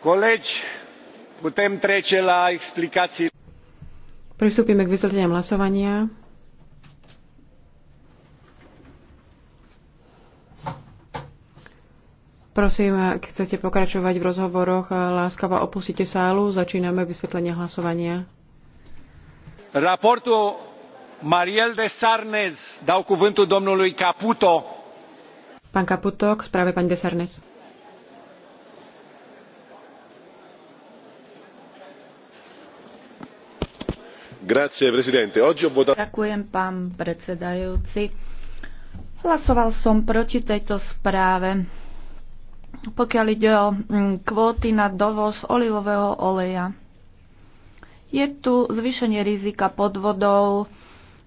Kolegi, putem trece la Pristúpime k vysvetleniam hlasovania. Prosím, ak chcete pokračovať v rozhovoroch, láskavo opustite sálu. Začíname vysvetlenie hlasovania. Mariel de Sarnez. Dau cuvântul domnului Caputo. Pán Caputo, k správe pani de Sarnez Ďakujem, pán predsedajúci. Hlasoval som proti tejto správe. Pokiaľ ide o mm, kvóty na dovoz olivového oleja, je tu zvýšenie rizika podvodov,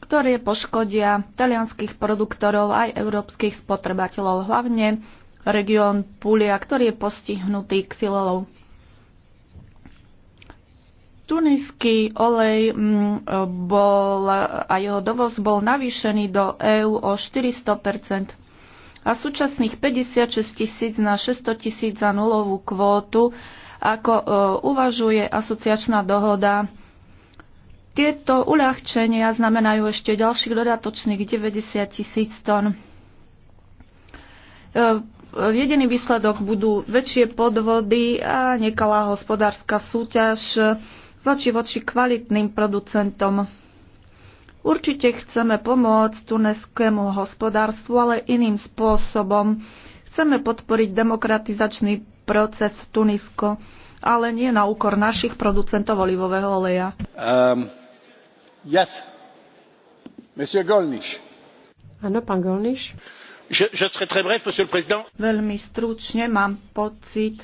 ktoré poškodia talianských produktorov aj európskych spotrebateľov, hlavne región Púlia, ktorý je postihnutý xylelou Tuniský olej mm, bol, a jeho dovoz bol navýšený do EÚ o 400 a súčasných 56 tisíc na 600 tisíc za nulovú kvótu, ako e, uvažuje asociačná dohoda. Tieto uľahčenia znamenajú ešte ďalších dodatočných 90 tisíc tón. E, jediný výsledok budú väčšie podvody a nekalá hospodárska súťaž z oči voči kvalitným producentom. Určite chceme pomôcť tuneskému hospodárstvu, ale iným spôsobom. Chceme podporiť demokratizačný proces v Tunisko, ale nie na úkor našich producentov olivového oleja. Um, yes. Monsieur Golniš. Áno, pán Golniš. Je, je serai très bref, monsieur le président. Veľmi stručne mám pocit,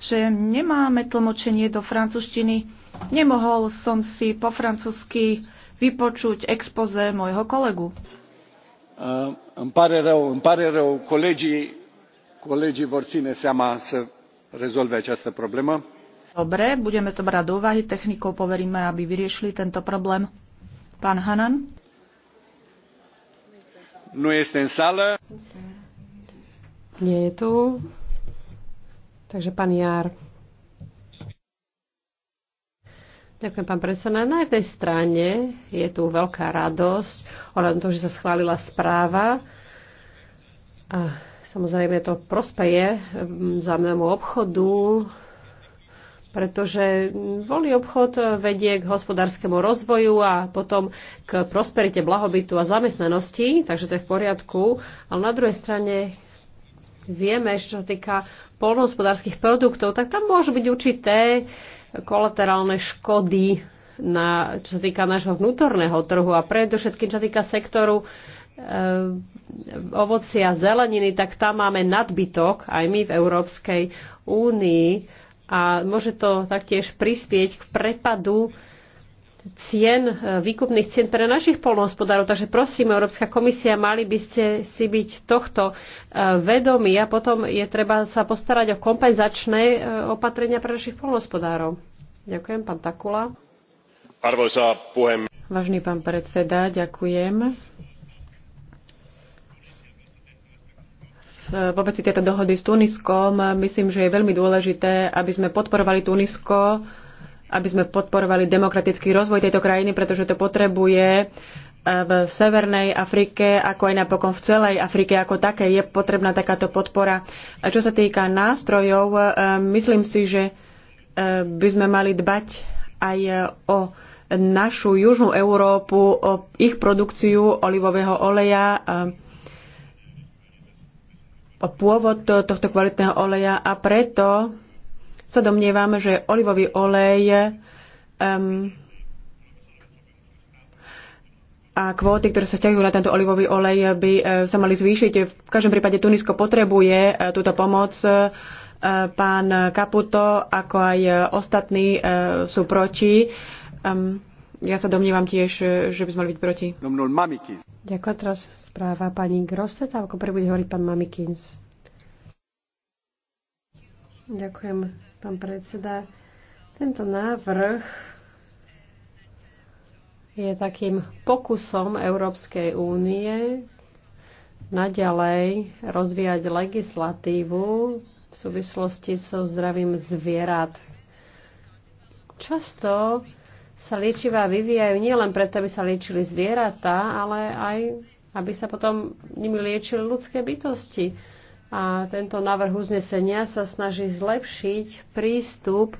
že nemáme tlmočenie do francúzštiny Nemohol som si po francúzsky vypočuť expoze môjho kolegu. Uh, îmi pare rău, îmi pare vor ține seama să rezolve această problemă. Dobre, budeme to brať do úvahy. Technikov poveríme, aby vyriešili tento problém. Pán Hanan? Nu este în sală. Nie je tu. Takže pán Jár. Ďakujem, pán predseda. Na jednej strane je tu veľká radosť ohľadom toho, že sa schválila správa. A samozrejme to prospeje vzájomnému obchodu, pretože voľný obchod vedie k hospodárskému rozvoju a potom k prosperite, blahobytu a zamestnanosti, takže to je v poriadku. Ale na druhej strane vieme, čo sa týka polnohospodárských produktov, tak tam môžu byť určité kolaterálne škody, na, čo sa týka nášho vnútorného trhu a predovšetkým, čo sa týka sektoru e, ovocia a zeleniny, tak tam máme nadbytok aj my v Európskej únii a môže to taktiež prispieť k prepadu cien, e, výkupných cien pre našich polnohospodárov. Takže prosím, Európska komisia, mali by ste si byť tohto e, vedomí a potom je treba sa postarať o kompenzačné e, opatrenia pre našich polnohospodárov. Ďakujem, pán Takula. Arvoisa puhemies. Vážny pán predseda, ďakujem. V veci tejto dohody s Tuniskom myslím, že je veľmi dôležité, aby sme podporovali Tunisko aby sme podporovali demokratický rozvoj tejto krajiny, pretože to potrebuje e, v Severnej Afrike, ako aj napokon v celej Afrike ako také, je potrebná takáto podpora. A čo sa týka nástrojov, e, myslím si, že e, by sme mali dbať aj o našu južnú Európu, o ich produkciu olivového oleja, o pôvod tohto kvalitného oleja a preto sa domnievam, že olivový olej um, a kvóty, ktoré sa stiahujú na tento olivový olej, by uh, sa mali zvýšiť. V každom prípade Tunisko potrebuje uh, túto pomoc. Uh, Pán Kaputo, ako aj ostatní uh, sú proti. Um, Ja sa domnívam tiež, že by sme mali byť proti. Ďakujem teraz správa pani Grosset, ako prvý bude hovoriť pán Mamikins. Ďakujem pán predseda. Tento návrh je takým pokusom Európskej únie naďalej rozvíjať legislatívu v súvislosti so zdravím zvierat. Často sa liečivá vyvíjajú nielen preto, aby sa liečili zvieratá, ale aj aby sa potom nimi liečili ľudské bytosti a tento návrh uznesenia sa snaží zlepšiť prístup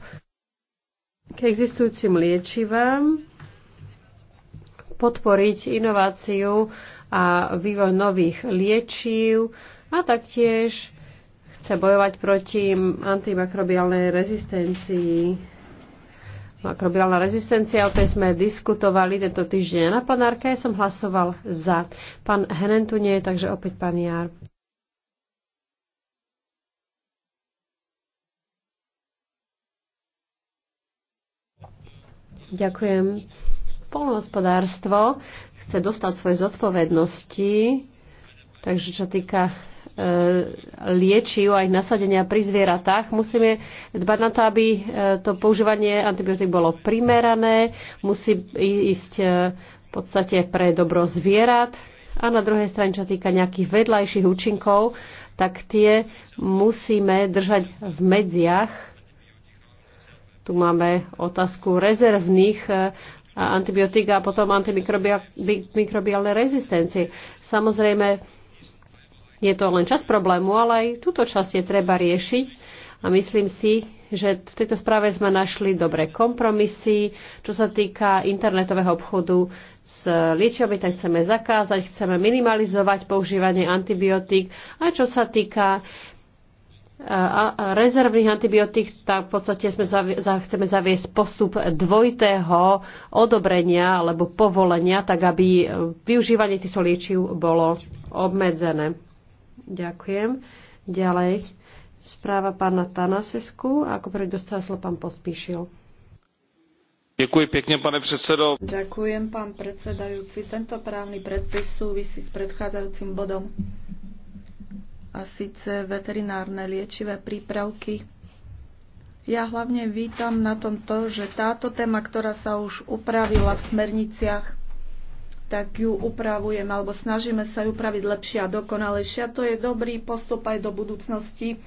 k existujúcim liečivám, podporiť inováciu a vývoj nových liečiv a taktiež chce bojovať proti antimakrobiálnej rezistencii. Makrobiálna rezistencia, o tej sme diskutovali tento týždeň na panárke, ja som hlasoval za. Pán Henen tu nie je, takže opäť pán Jár. Ďakujem. Polnohospodárstvo chce dostať svoje zodpovednosti, takže čo týka e, liečiv aj nasadenia pri zvieratách. Musíme dbať na to, aby e, to používanie antibiotík bolo primerané, musí ísť e, v podstate pre dobro zvierat a na druhej strane, čo týka nejakých vedľajších účinkov, tak tie musíme držať v medziach tu máme otázku rezervných eh, antibiotík a potom antimikrobiálnej rezistencie. Samozrejme, je to len čas problému, ale aj túto časť je treba riešiť a myslím si, že v tejto správe sme našli dobré kompromisy. Čo sa týka internetového obchodu s liečiami, tak chceme zakázať, chceme minimalizovať používanie antibiotík. A čo sa týka a rezervných antibiotík, tak v podstate sme za- chceme zaviesť postup dvojitého odobrenia alebo povolenia, tak aby e, využívanie týchto liečiv bolo obmedzené. Ďakujem. Ďalej správa pána Tanasesku. Ako prvý dostal slovo pán Pospíšil. Ďakujem pekne, pane predsedo. Ďakujem, pán predsedajúci. Tento právny predpis súvisí s predchádzajúcim bodom a síce veterinárne liečivé prípravky. Ja hlavne vítam na tom to, že táto téma, ktorá sa už upravila v smerniciach, tak ju upravujeme, alebo snažíme sa ju upraviť lepšie a A To je dobrý postup aj do budúcnosti.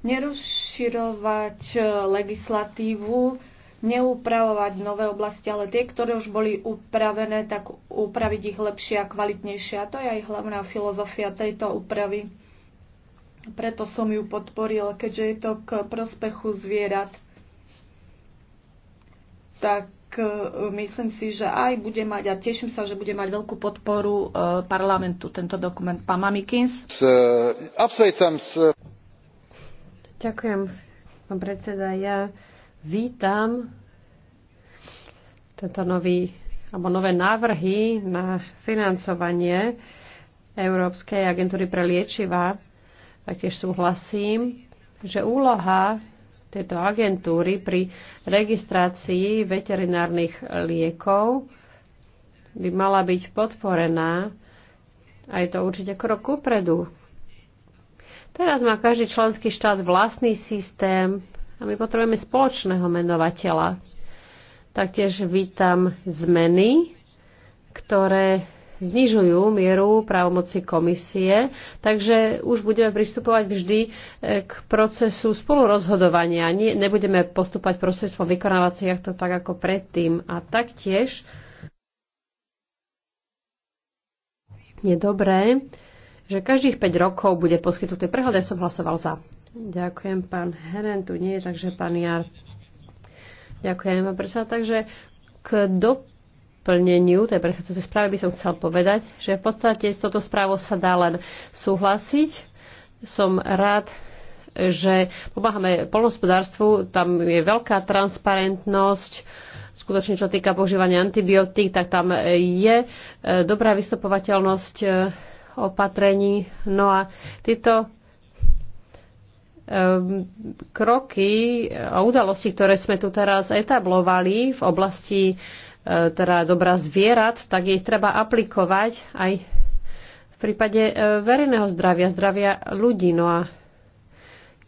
Nerozširovať e, legislatívu, neupravovať nové oblasti, ale tie, ktoré už boli upravené, tak upraviť ich lepšie a kvalitnejšie. A to je aj hlavná filozofia tejto úpravy. Preto som ju podporil, keďže je to k prospechu zvierat. Tak e, myslím si, že aj bude mať, a teším sa, že bude mať veľkú podporu e, parlamentu tento dokument. Pán Mamikins. E, Ďakujem, pán predseda. Ja vítam tento nový, alebo nové návrhy na financovanie Európskej agentúry pre liečiva Taktiež súhlasím, že úloha tejto agentúry pri registrácii veterinárnych liekov by mala byť podporená a je to určite krok kupredu. Teraz má každý členský štát vlastný systém a my potrebujeme spoločného menovateľa. Taktiež vítam zmeny, ktoré znižujú mieru právomoci komisie, takže už budeme pristupovať vždy e, k procesu spolurozhodovania. Nie, nebudeme postúpať procesom vykonávacích to tak ako predtým. A taktiež je dobré, že každých 5 rokov bude poskytnutý prehľad. Ja som hlasoval za. Ďakujem, pán Heren tu nie je, takže pán Jar. Ďakujem, pán predseda. Takže k dop- plneniu tej prechádzacej správy by som chcel povedať, že v podstate s touto správou sa dá len súhlasiť. Som rád, že pomáhame polnospodárstvu, tam je veľká transparentnosť, skutočne čo týka používania antibiotík, tak tam je e, dobrá vystupovateľnosť e, opatrení. No a tieto e, kroky a udalosti, ktoré sme tu teraz etablovali v oblasti E, teda dobrá zvierat, tak jej treba aplikovať aj v prípade e, verejného zdravia, zdravia ľudí. No a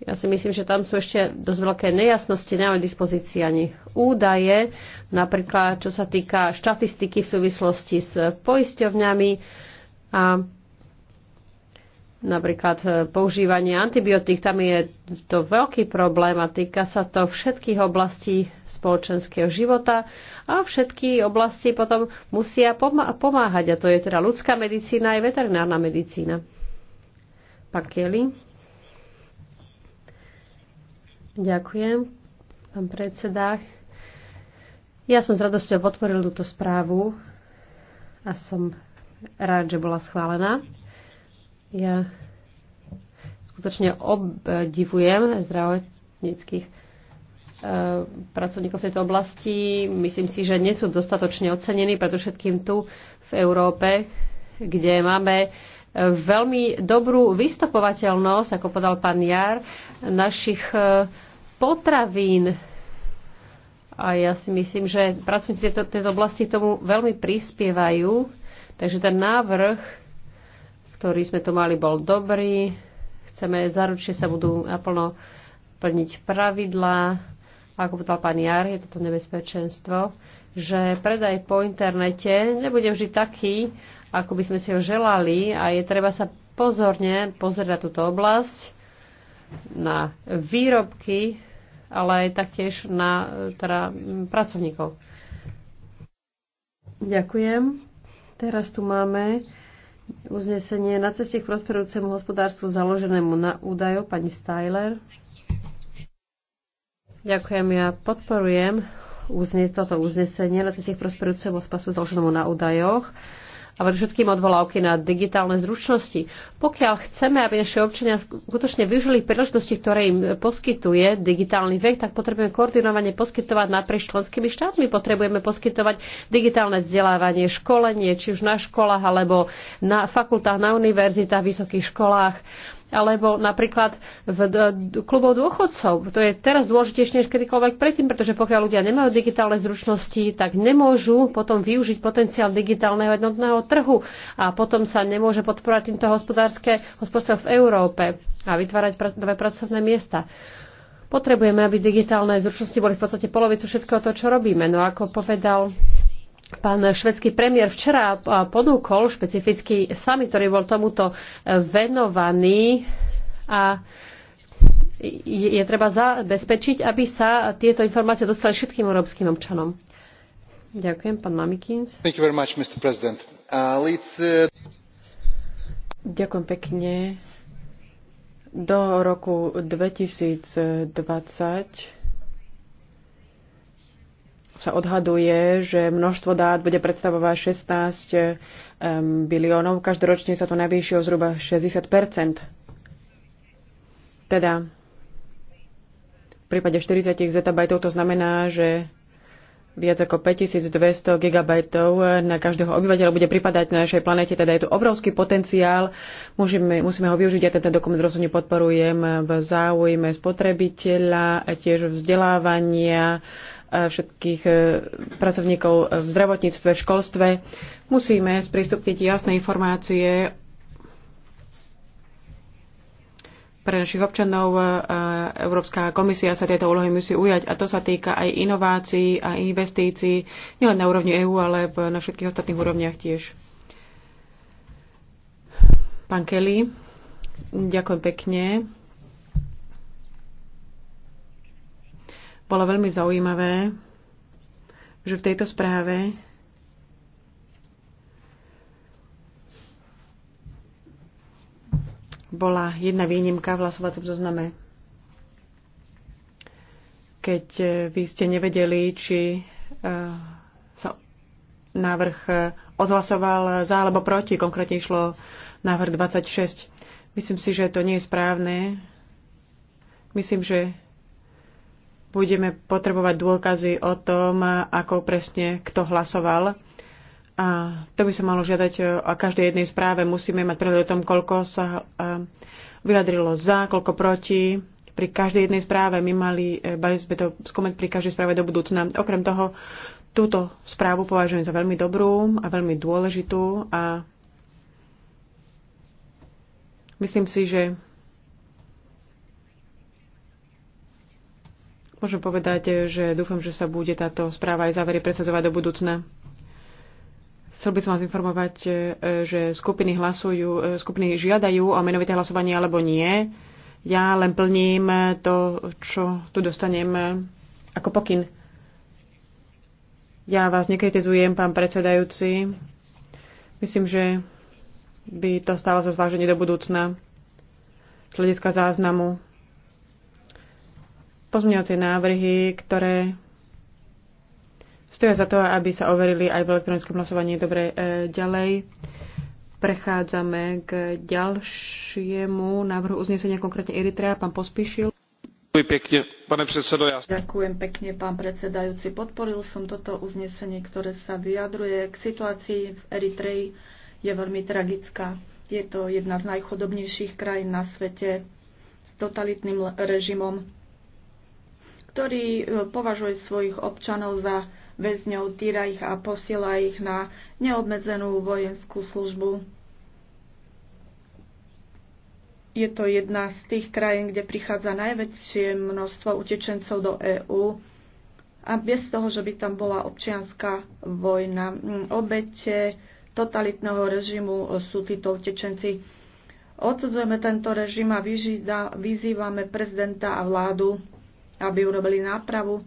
ja si myslím, že tam sú ešte dosť veľké nejasnosti, nemáme dispozícii ani údaje, napríklad čo sa týka štatistiky v súvislosti s poisťovňami a napríklad e, používanie antibiotík, tam je to veľký problém a týka sa to všetkých oblastí spoločenského života a všetky oblasti potom musia pomáhať a to je teda ľudská medicína aj veterinárna medicína. Pán Kelly. Ďakujem, pán predseda. Ja som s radosťou podporil túto správu a som rád, že bola schválená. Ja skutočne obdivujem zdravotníckých eh, pracovníkov v tejto oblasti. Myslím si, že nie sú dostatočne ocenení, všetkým tu v Európe, kde máme eh, veľmi dobrú vystopovateľnosť, ako podal pán Jar, našich eh, potravín. A ja si myslím, že pracovníci tejto, tejto oblasti tomu veľmi prispievajú. Takže ten návrh ktorý sme tu mali, bol dobrý. Chceme zaručiť, že sa budú naplno plniť pravidlá, ako povedal pán Jar, je toto nebezpečenstvo, že predaj po internete nebude vždy taký, ako by sme si ho želali a je treba sa pozorne pozrieť na túto oblasť, na výrobky, ale aj taktiež na teda, pracovníkov. Ďakujem. Teraz tu máme Uznesenie na ceste k prosperujúcemu hospodárstvu založenému na údajo, pani Styler. Ďakujem, ja podporujem toto uznesenie na ceste k prosperujúcemu hospodárstvu založenému na údajoch a všetkým odvolávky na digitálne zručnosti. Pokiaľ chceme, aby naše občania skutočne využili príležitosti, ktoré im poskytuje digitálny vek, tak potrebujeme koordinovanie poskytovať naprieč členskými štátmi. Potrebujeme poskytovať digitálne vzdelávanie, školenie, či už na školách alebo na fakultách, na univerzitách, vysokých školách alebo napríklad v klubov dôchodcov. To je teraz dôležitejšie než kedykoľvek predtým, pretože pokiaľ ľudia nemajú digitálne zručnosti, tak nemôžu potom využiť potenciál digitálneho jednotného trhu a potom sa nemôže podporovať týmto hospodárske hospodárstvo v Európe a vytvárať pr- nové pracovné miesta. Potrebujeme, aby digitálne zručnosti boli v podstate polovicu všetkého toho, čo robíme. No ako povedal Pán švedský premiér včera ponúkol špecifický summit, ktorý bol tomuto e, venovaný a je treba zabezpečiť, aby sa tieto informácie dostali všetkým európskym občanom. Ďakujem, pán Mamikins. Thank you very much, Mr. President. Uh, let's, uh... Ďakujem pekne. Do roku 2020 sa odhaduje, že množstvo dát bude predstavovať 16 um, biliónov. Každoročne sa to navýši o zhruba 60 Teda v prípade 40 zetabajtov to znamená, že viac ako 5200 gigabajtov na každého obyvateľa bude pripadať na našej planete, teda je tu obrovský potenciál, Môžeme, musíme ho využiť a ja tento dokument rozhodne podporujem v záujme spotrebiteľa, tiež vzdelávania, E, všetkých e, pracovníkov v zdravotníctve, v školstve. Musíme sprístupniť jasné informácie pre našich občanov. E, Európska komisia sa tejto úlohy musí ujať a to sa týka aj inovácií a investícií, nielen na úrovni EÚ, ale na všetkých ostatných úrovniach tiež. Pán Kelly, ďakujem pekne. Bolo veľmi zaujímavé, že v tejto správe bola jedna výnimka v hlasovacom zozname. Keď eh, vy ste nevedeli, či eh, sa návrh eh, odhlasoval za alebo proti, konkrétne išlo návrh 26. Myslím si, že to nie je správne. Myslím, že budeme potrebovať dôkazy o tom, ako presne kto hlasoval. A to by sa malo žiadať e, o každej jednej správe. Musíme mať prehľad o tom, koľko sa e, vyjadrilo za, koľko proti. Pri každej jednej správe my mali, mali e, sme to skúmať pri každej správe do budúcna. Okrem toho, túto správu považujem za veľmi dobrú a veľmi dôležitú a myslím si, že Môžem povedať, že dúfam, že sa bude táto správa aj závery presadzovať do budúcna. Chcel by som vás informovať, že skupiny hlasujú, skupiny žiadajú o menovité hlasovanie alebo nie. Ja len plním to, čo tu dostanem ako pokyn. Ja vás nekritizujem, pán predsedajúci. Myslím, že by to stalo za zváženie do budúcna z hľadiska záznamu pozmeňovacie návrhy, ktoré stoja za to, aby sa overili aj v elektronickom hlasovaní. Dobre, e, ďalej prechádzame k ďalšiemu návrhu uznesenia, konkrétne Eritrea. Pán Pospíšil. Ďakujem pekne, pane predsedo. Ja... Ďakujem pekne, pán predsedajúci. Podporil som toto uznesenie, ktoré sa vyjadruje k situácii v Eritreji. Je veľmi tragická. Je to jedna z najchudobnejších krajín na svete s totalitným režimom ktorý e, považuje svojich občanov za väzňov, týra ich a posiela ich na neobmedzenú vojenskú službu. Je to jedna z tých krajín, kde prichádza najväčšie množstvo utečencov do EÚ a bez toho, že by tam bola občianská vojna. Obete totalitného režimu e, sú títo utečenci. Odsudzujeme tento režim a vyzývame prezidenta a vládu, aby urobili nápravu.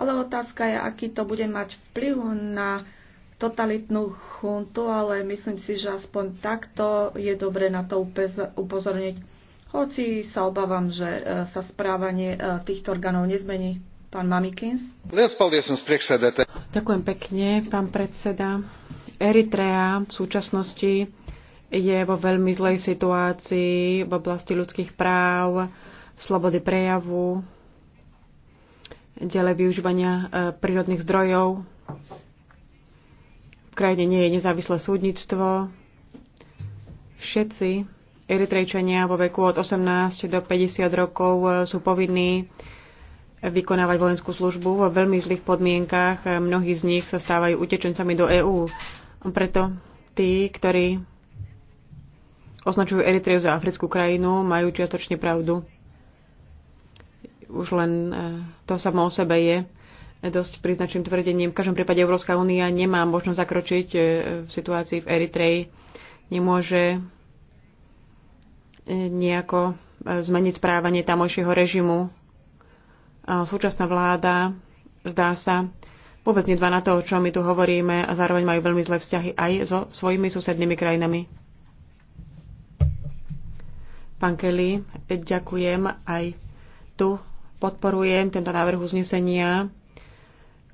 Ale otázka je, aký to bude mať vplyv na totalitnú chuntu, ale myslím si, že aspoň takto je dobre na to upozorniť. Hoci sa obávam, že e, sa správanie e, týchto orgánov nezmení. Pán Mamikins. Ďakujem pekne, pán predseda. Eritrea v súčasnosti je vo veľmi zlej situácii v oblasti ľudských práv, slobody prejavu, diele využívania e, prírodných zdrojov. V krajine nie je nezávislé súdnictvo. Všetci Eritrejčania vo veku od 18 do 50 rokov e, sú povinní vykonávať vojenskú službu vo veľmi zlých podmienkach. E, mnohí z nich sa stávajú utečencami do EÚ. Preto tí, ktorí označujú Eritreju za africkú krajinu, majú čiastočne pravdu už len e, to samo o sebe je dosť príznačným tvrdením. V každom prípade Európska únia nemá možnosť zakročiť e, v situácii v Eritreji. Nemôže e, nejako zmeniť správanie tamojšieho režimu. A súčasná vláda, zdá sa, vôbec nedba na to, o čom my tu hovoríme a zároveň majú veľmi zlé vzťahy aj so svojimi susednými krajinami. Pán Kelly, ďakujem aj tu podporujem tento návrh uznesenia,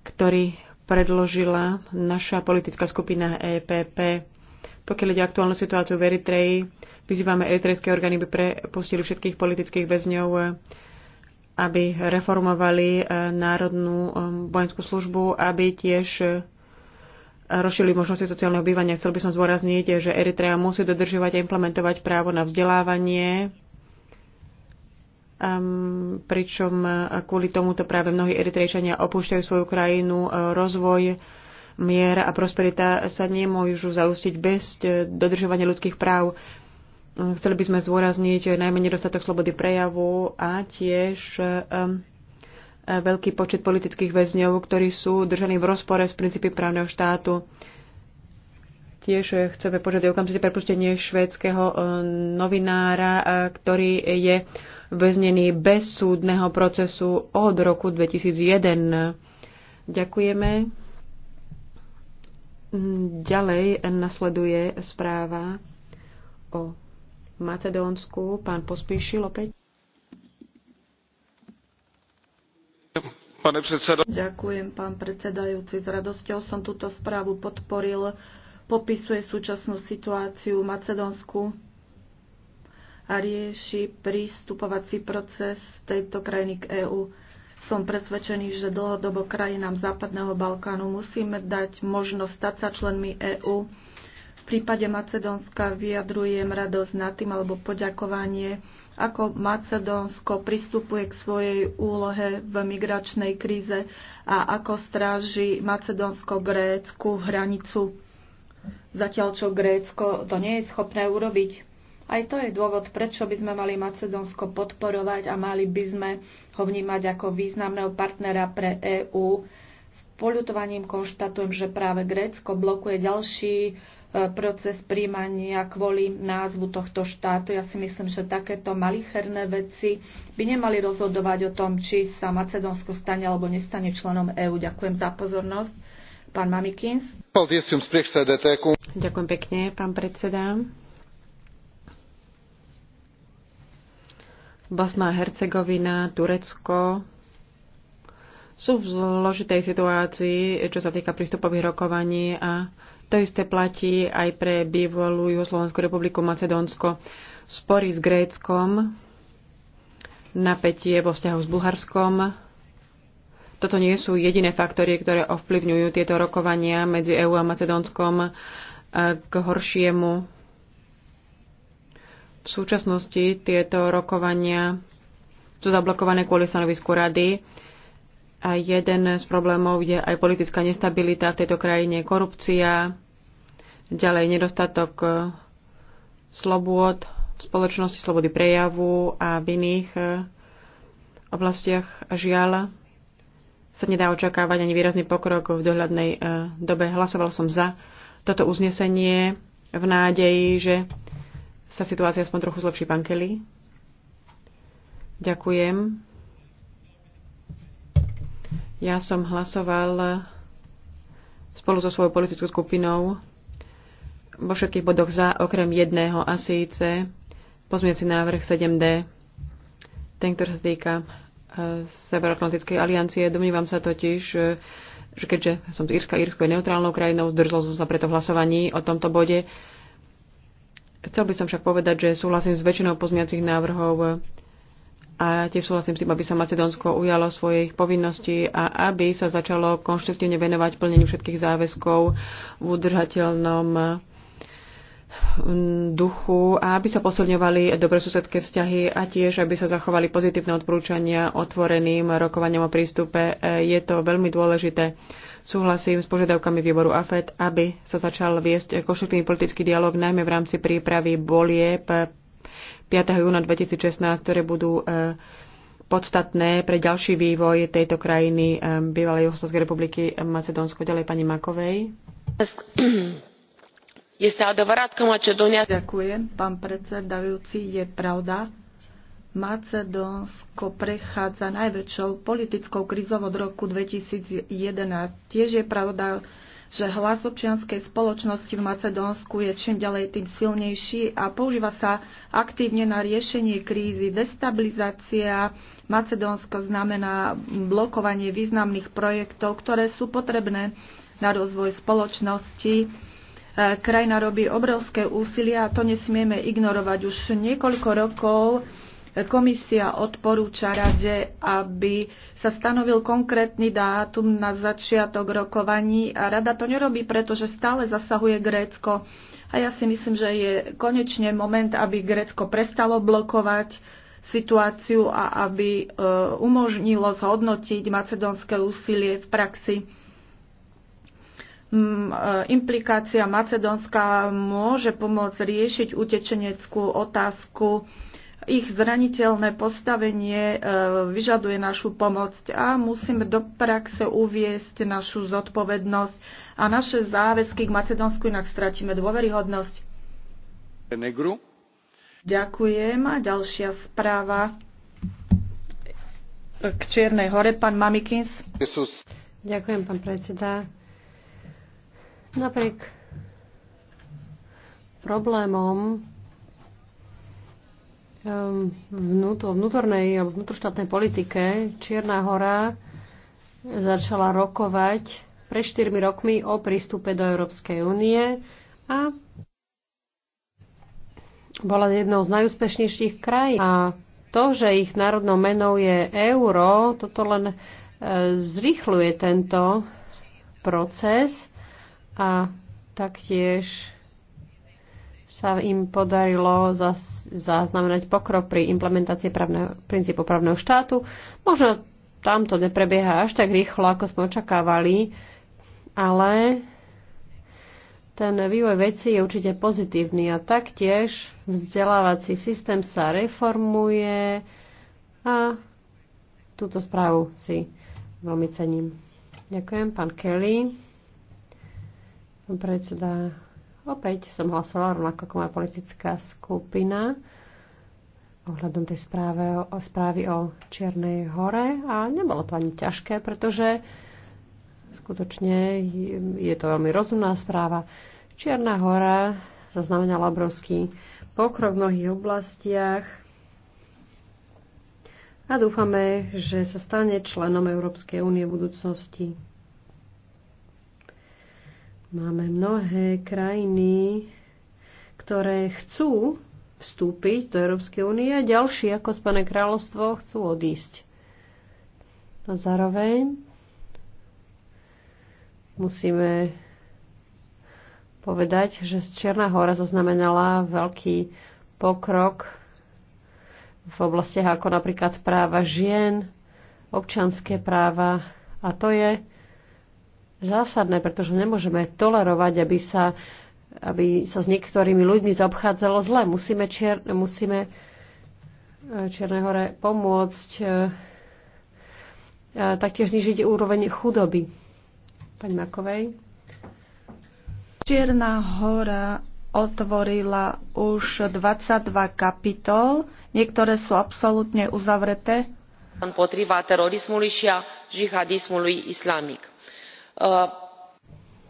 ktorý predložila naša politická skupina EPP. Pokiaľ ide aktuálnu situáciu v Eritreji, vyzývame eritrejské orgány, aby prepustili všetkých politických väzňov, aby reformovali eh, národnú eh, vojenskú službu, aby tiež eh, rozšili možnosti sociálneho bývania. Chcel by som zdôrazniť, že Eritrea musí dodržovať a implementovať právo na vzdelávanie, Um, pričom kvôli tomuto práve mnohí Eritrejčania opúšťajú svoju krajinu. E, rozvoj, mier a prosperita sa nemôžu zaustiť bez e, dodržovania ľudských práv. Chceli by sme zdôrazniť najmä nedostatok slobody prejavu a tiež um, veľký počet politických väzňov, ktorí sú držaní v rozpore s princípy právneho štátu. Tiež chceme požiadať okamžite prepustenie švédskeho novinára, ktorý je väznený bez súdneho procesu od roku 2001. Ďakujeme. Ďalej nasleduje správa o Macedónsku. Pán Pospíšil opäť. Pane predseda. Ďakujem, pán predsedajúci. S radosťou som túto správu podporil. Popisuje súčasnú situáciu v Macedónsku a rieši prístupovací proces tejto krajiny k EÚ. Som presvedčený, že dlhodobo krajinám Západného Balkánu musíme dať možnosť stať sa členmi EÚ. V prípade Macedónska vyjadrujem radosť nad tým alebo poďakovanie, ako Macedónsko pristupuje k svojej úlohe v migračnej kríze a ako stráži Macedónsko-Grécku hranicu. Zatiaľ, čo Grécko to nie je schopné urobiť. Aj to je dôvod, prečo by sme mali Macedónsko podporovať a mali by sme ho vnímať ako významného partnera pre EÚ. S poľutovaním konštatujem, že práve Grécko blokuje ďalší e, proces príjmania kvôli názvu tohto štátu. Ja si myslím, že takéto malicherné veci by nemali rozhodovať o tom, či sa Macedónsko stane alebo nestane členom EÚ. Ďakujem za pozornosť. Pán Mamikins. Ďakujem pekne, pán predseda. Bosna a Hercegovina, Turecko sú v zložitej situácii, čo sa týka prístupových rokovaní a to isté platí aj pre bývalú Juhoslovenskú republiku Macedónsko. Spory s Gréckom, napätie vo vzťahu s Bulharskom. Toto nie sú jediné faktory, ktoré ovplyvňujú tieto rokovania medzi EÚ a Macedónskom eh, k horšiemu v súčasnosti tieto rokovania sú zablokované kvôli stanovisku rady a jeden z problémov je aj politická nestabilita v tejto krajine, korupcia, ďalej nedostatok e, slobôd v spoločnosti, slobody prejavu a v iných e, oblastiach a žiaľ sa nedá očakávať ani výrazný pokrok v dohľadnej e, dobe. Hlasoval som za toto uznesenie v nádeji, že sa situácia aspoň trochu zlepší. Pán Kelly. Ďakujem. Ja som hlasoval spolu so svojou politickou skupinou vo všetkých bodoch za, okrem jedného a síce pozmieci návrh 7D, ten, ktorý sa týka e, Severoatlantickej aliancie. Domnívam sa totiž, e, že keďže som z Írska, Írsko je neutrálnou krajinou, zdržal som sa preto hlasovaní o tomto bode. Chcel by som však povedať, že súhlasím s väčšinou pozmiacich návrhov a tiež súhlasím s tým, aby sa Macedónsko ujalo svojich povinností a aby sa začalo konštruktívne venovať plneniu všetkých záväzkov v udržateľnom duchu a aby sa posilňovali dobrosusedské vzťahy a tiež, aby sa zachovali pozitívne odporúčania otvoreným rokovaniam o prístupe. Je to veľmi dôležité. Súhlasím s požiadavkami výboru AFED, aby sa začal viesť konštruktívny politický dialog najmä v rámci prípravy bolie 5. júna 2016, ktoré budú e, podstatné pre ďalší vývoj tejto krajiny e, bývalej Juhoslavskej republiky e, Macedónsko. Ďalej pani Makovej. Ďakujem, pán predsedajúci. Je pravda, Macedónsko prechádza najväčšou politickou krizou od roku 2011. Tiež je pravda, že hlas občianskej spoločnosti v Macedónsku je čím ďalej tým silnejší a používa sa aktívne na riešenie krízy. Destabilizácia Macedónsko znamená blokovanie významných projektov, ktoré sú potrebné na rozvoj spoločnosti e, krajina robí obrovské úsilia a to nesmieme ignorovať. Už niekoľko rokov Komisia odporúča rade, aby sa stanovil konkrétny dátum na začiatok rokovaní a rada to nerobí, pretože stále zasahuje Grécko. A ja si myslím, že je konečne moment, aby Grécko prestalo blokovať situáciu a aby e, umožnilo zhodnotiť macedónske úsilie v praxi e, implikácia Macedónska môže pomôcť riešiť utečeneckú otázku ich zraniteľné postavenie e, vyžaduje našu pomoc a musíme do praxe uviesť našu zodpovednosť a naše záväzky k Macedónsku, inak stratíme dôveryhodnosť. Negru. Ďakujem a ďalšia správa k Čiernej hore. Pán Mamikins. Jesus. Ďakujem, pán predseda. Napriek problémom Ehm, vnútor, vnútornej alebo vnútroštátnej politike Čierna hora začala rokovať pred 4 rokmi o prístupe do Európskej únie a bola jednou z najúspešnejších krajín. A to, že ich národnou menou je euro, toto len e, zrýchluje tento proces a taktiež sa im podarilo zaznamenať pokrok pri implementácii právneho, princípu právneho štátu. Možno tam to neprebieha až tak rýchlo, ako sme očakávali, ale ten vývoj veci je určite pozitívny a taktiež vzdelávací systém sa reformuje a túto správu si veľmi cením. Ďakujem, pán Kelly. Pán predseda Opäť som hlasovala rovnako ako moja politická skupina ohľadom tej správe, o, správy o Čiernej hore a nebolo to ani ťažké, pretože skutočne je to veľmi rozumná správa. Čierna hora zaznamenala obrovský pokrok v mnohých oblastiach a dúfame, že sa stane členom Európskej únie v budúcnosti. Máme mnohé krajiny, ktoré chcú vstúpiť do Európskej únie a ďalší ako Spané kráľovstvo chcú odísť. A zároveň musíme povedať, že Černá hora zaznamenala veľký pokrok v oblastiach ako napríklad práva žien, občanské práva a to je zásadné, pretože nemôžeme tolerovať, aby sa, aby sa s niektorými ľuďmi zaobchádzalo zle. Musíme, čier, musíme e, Čiernej hore pomôcť e, taktiež znižiť úroveň chudoby. Pani Makovej. Čierna hora otvorila už 22 kapitol. Niektoré sú absolútne uzavreté. Împotriva terorismului și a jihadismului islamic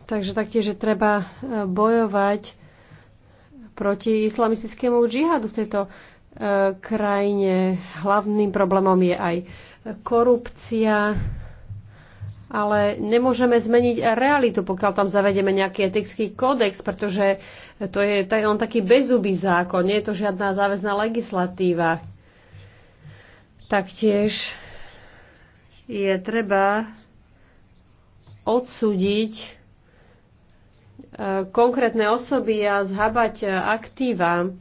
Takže taktiež je treba e, bojovať proti islamistickému džihadu v tejto e, krajine. Hlavným problémom je aj korupcia, ale nemôžeme zmeniť realitu, pokiaľ tam zavedeme nejaký etický kódex, pretože to je len taký bezubý zákon, nie je to žiadna záväzná legislatíva. Taktiež je treba odsúdiť e, konkrétne osoby a zhabať aktíva.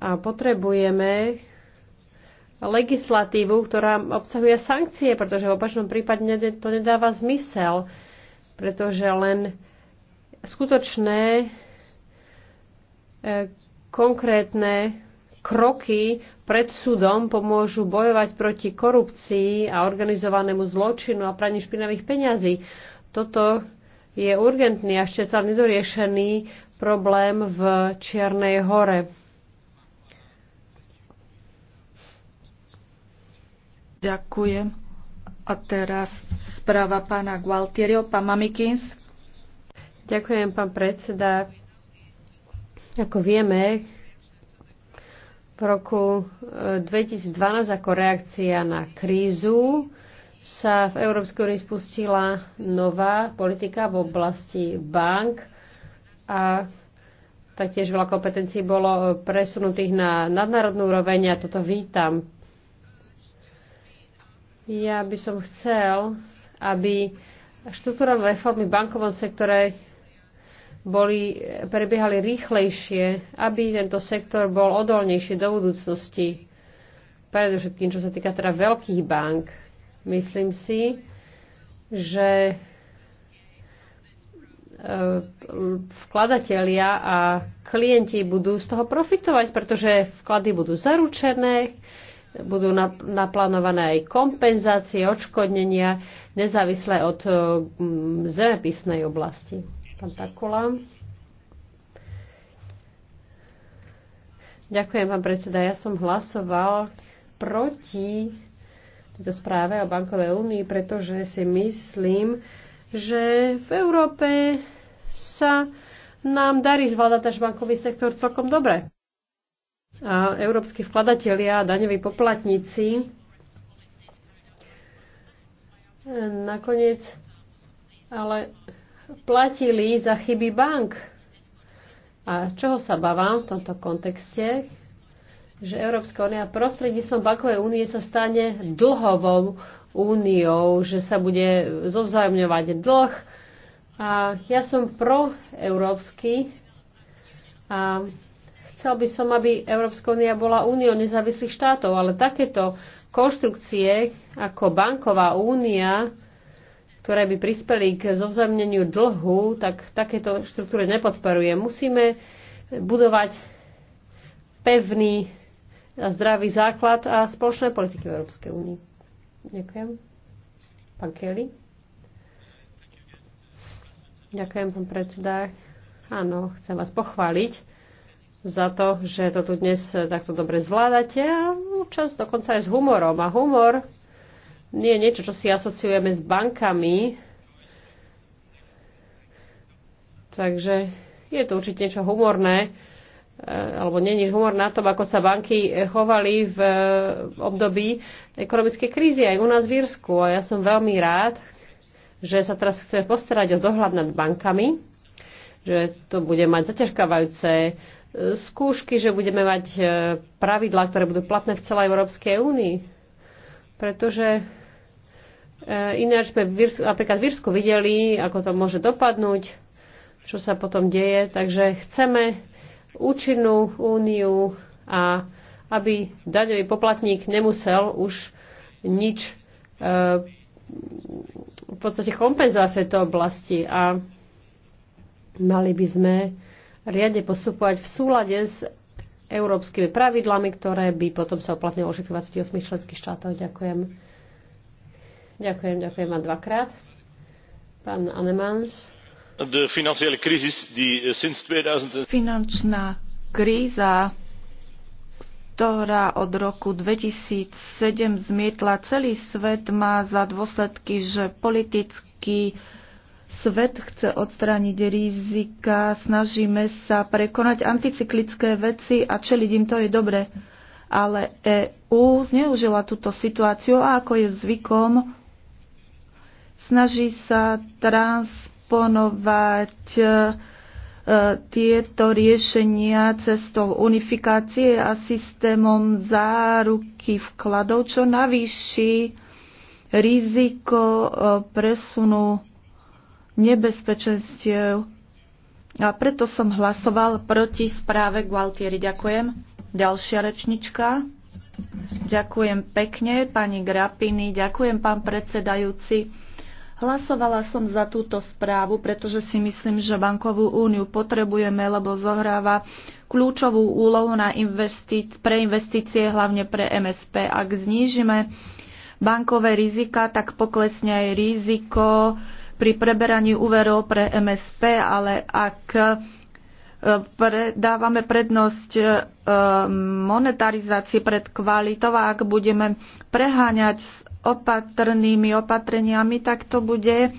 A potrebujeme legislatívu, ktorá obsahuje sankcie, pretože v opačnom prípade to nedáva zmysel, pretože len skutočné e, konkrétne kroky pred súdom pomôžu bojovať proti korupcii a organizovanému zločinu a praní špinavých peňazí. Toto je urgentný a ešte tam nedoriešený problém v Čiernej hore. Ďakujem. A teraz správa pána Gualtierio, pán Mamikins. Ďakujem, pán predseda. Ako vieme, v roku 2012 e, ako reakcia na krízu sa v Európskej únii spustila nová politika v oblasti bank a taktiež veľa kompetencií bolo presunutých na nadnárodnú úroveň a toto vítam. Ja by som chcel, aby štruktúra reformy v bankovom sektore boli, prebiehali rýchlejšie, aby tento sektor bol odolnejší do budúcnosti. Predovšetkým, čo sa týka teda veľkých bank. Myslím si, že e, vkladatelia a klienti budú z toho profitovať, pretože vklady budú zaručené, budú naplánované aj kompenzácie, odškodnenia, nezávisle od mm, zemepisnej oblasti pán Takula. Ďakujem, pán predseda. Ja som hlasoval proti tejto správe o bankovej únii, pretože si myslím, že v Európe sa nám darí zvládať až bankový sektor celkom dobre. A európsky vkladatelia a daňoví poplatníci nakoniec ale platili za chyby bank. A čoho sa bavám v tomto kontexte? Že Európska únia prostredníctvom bankovej únie sa stane dlhovou úniou, že sa bude zovzájomňovať dlh. A ja som proeurópsky a chcel by som, aby Európska únia bola úniou nezávislých štátov, ale takéto konštrukcie ako banková únia ktoré by prispeli k zovzemneniu dlhu, tak takéto štruktúry nepodporuje. Musíme budovať pevný a zdravý základ a spoločné politiky v Európskej únii. Ďakujem. Pán Kelly. Ďakujem, pán predseda. Áno, chcem vás pochváliť za to, že to tu dnes takto dobre zvládate a čas dokonca aj s humorom. A humor nie je niečo, čo si asociujeme s bankami. Takže je to určite niečo humorné, e, alebo nie nič humor na tom, ako sa banky e, chovali v e, období ekonomickej krízy aj u nás v Írsku. A ja som veľmi rád, že sa teraz chce postarať o dohľad nad bankami, že to bude mať zaťažkávajúce skúšky, že budeme mať pravidlá, ktoré budú platné v celej Európskej únii pretože e, ináč sme napríklad v Irsku videli, ako to môže dopadnúť, čo sa potom deje. Takže chceme účinnú úniu a aby daňový poplatník nemusel už nič e, v podstate kompenzovať v tejto oblasti a mali by sme riadne postupovať v súlade s európskymi pravidlami, ktoré by potom sa uplatnilo všetkých 28 členských štátov. Ďakujem. Ďakujem, ďakujem vám dvakrát. Pán Anemans. Eh, Finančná kríza, ktorá od roku 2007 zmietla celý svet, má za dôsledky, že politický Svet chce odstrániť rizika, snažíme sa prekonať anticyklické veci a čeliť im to je dobre. Ale EU zneužila túto situáciu a ako je zvykom, snaží sa transponovať e, tieto riešenia cestou unifikácie a systémom záruky vkladov, čo navýši riziko e, presunu nebezpečenstiev. A preto som hlasoval proti správe Gualtieri. Ďakujem. Ďalšia rečnička. Ďakujem pekne, pani Grapiny. Ďakujem, pán predsedajúci. Hlasovala som za túto správu, pretože si myslím, že bankovú úniu potrebujeme, lebo zohráva kľúčovú úlohu na investíc- pre investície, hlavne pre MSP. Ak znížime bankové rizika, tak poklesne aj riziko pri preberaní úverov pre MSP, ale ak e, dávame prednosť e, monetarizácii pred kvalitou a ak budeme preháňať s opatrnými opatreniami, tak to bude e,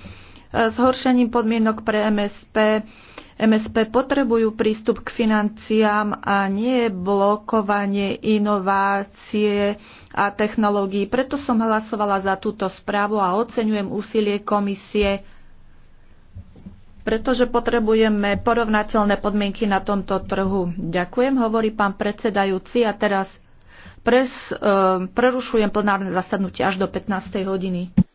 zhoršením podmienok pre MSP MSP potrebujú prístup k financiám a nie blokovanie inovácie a technológií. Preto som hlasovala za túto správu a oceňujem úsilie komisie, pretože potrebujeme porovnateľné podmienky na tomto trhu. Ďakujem, hovorí pán predsedajúci a teraz pres, e, prerušujem plenárne zasadnutie až do 15. hodiny.